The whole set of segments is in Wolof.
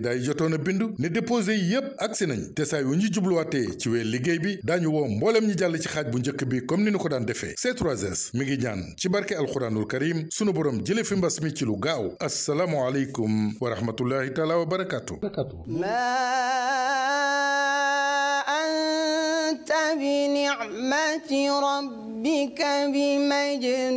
candidat yi jotoon a bindu ne déposé yi yépp agsi nañ te saa ñu jubluwaatee ci weer liggéey bi daañu woo mbooleem ñi jàll ci xaaj bu njëkk bi comme ni ñu ko daan defee C3S mi ngi ñaan ci barke alxuraanul karim sunu borom jële fi mbas mi ci lu gaaw assalaamu aleykum wa rahmatullahi taala wa barakaatu anta bi ni'mati rabbika bi majnun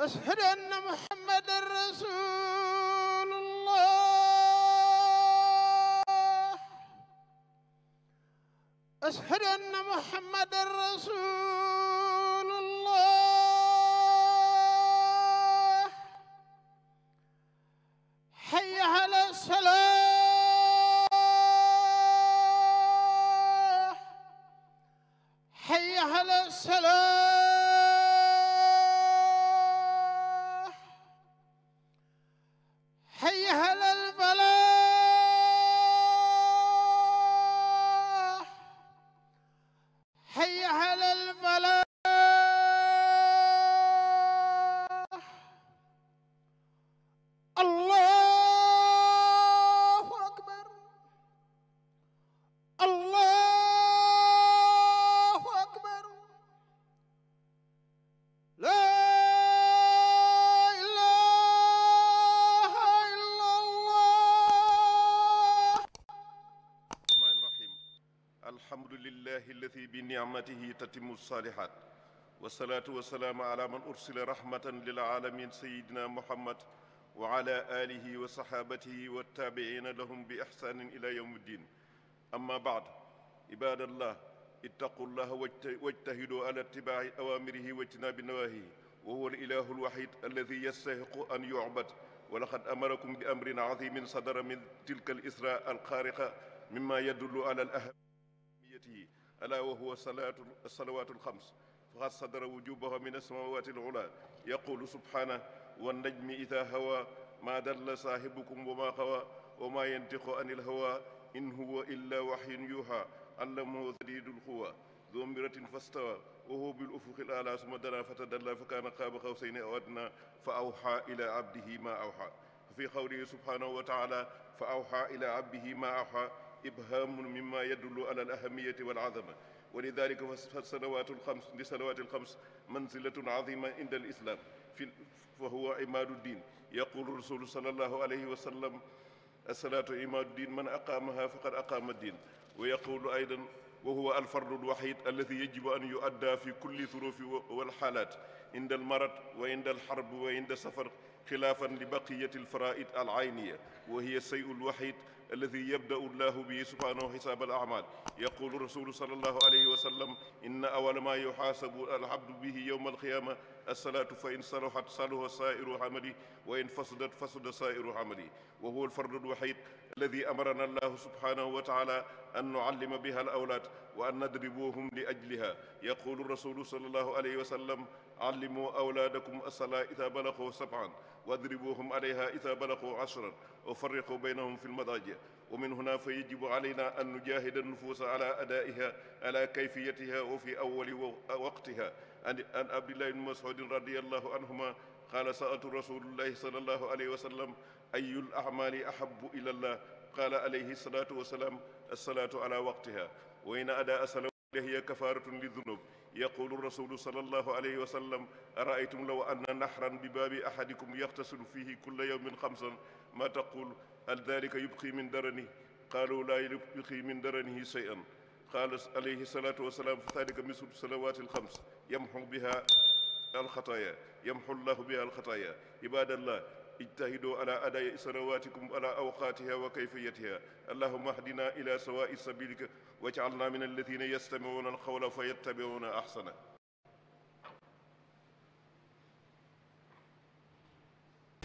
أشهد أن محمد رسول الله أشهد أن محمد رسول الله حي على الصلاة حي على الصلاة alhamdulillahi alladi bi nicmatihi tatimu saalihaat wasalaatu wasalaamu ala man ursila rahmatan lil aalamin sayidina muhammad wa ala alihi wa sahaabatihi wa taabiina lahum bi ixsaanin ila yawmi ddin amma baad ibaadallah ittaqu llaha wajtahiduu ala itibaaci awaamirihi wa ijtinaabi nawaahihi wa huwa al-ilaahu al-waxiid alladi yastahiqu an yucbad walaqad amarakum bi amrin azimin sadara min tilka al-israa al-xaariqa mimma yadullu ala al-aham ذريته ألا وهو صلاة الصلوات الخمس فقد صدر وجوبها من السماوات العلى يقول سبحانه والنجم إذا هوى ما دل صاحبكم وما غوى وما ينطق عن الهوى إن هو إلا وحي يوحى علمه شديد القوى ذو مرة فاستوى وهو بالأفق الأعلى ثم دنا فتدلى فكان قاب قوسين أو أدنى فأوحى إلى عبده ما أوحى في قوله سبحانه وتعالى فأوحى إلى عبده ما أوحى إبهام مما يدل على الأهمية والعظمة ولذلك فالصلوات الخمس لصلوات الخمس منزلة عظيمة عند الإسلام في فهو عماد الدين يقول الرسول صلى الله عليه وسلم الصلاة عماد الدين من أقامها فقد أقام الدين ويقول أيضا وهو الفرد الوحيد الذي يجب أن يؤدى في كل ظروف والحالات عند المرض وعند الحرب وعند السفر خلافا لبقية الفرائض العينية وهي الشيء الوحيد الذي يبدأ الله به سبحانه حساب الأعمال يقول الرسول صلى الله عليه وسلم إن أول ما يحاسب العبد به يوم القيامة الصلاة فإن صلحت صلح سائر عمله وإن فسدت فسد سائر عمله وهو الفرد الوحيد الذي أمرنا الله سبحانه وتعالى أن نعلم بها الأولاد وأن ندربوهم لأجلها يقول الرسول صلى الله عليه وسلم علموا أولادكم الصلاة إذا بلغوا سبعا واضربوهم عليها إذا بلغوا عشرا وفرقوا بينهم في المضاجع ومن هنا فيجب علينا أن نجاهد النفوس على أدائها على كيفيتها وفي أول وقتها عن عبد الله بن مسعود رضي الله عنهما قال سألت رسول الله صلى الله عليه وسلم أي الأعمال أحب إلى الله قال عليه الصلاة والسلام الصلاة على وقتها وإن أداء صلاة هي كفارة للذنوب يقول الرسول صلى الله عليه وسلم أرأيتم لو أن نحرا بباب أحدكم يغتسل فيه كل يوم خمسا ما تقول hal dalika yubqi min darani qaalu laa yubqi min daranihi shay'an qaala alayhi salaatu wasalaam fa dalika mislu salawaati alxams yamxu biha alxataaya yamxu llahu biha alxataaya ibaadallah ijtahidoo ala adaai salawaatikum ala awqaatiha wa kayfiyatiha allahuma ahdina ila sawaa'i sabilika wajcalna min alladina yastamicuuna alqawla fa yattabicuuna axsana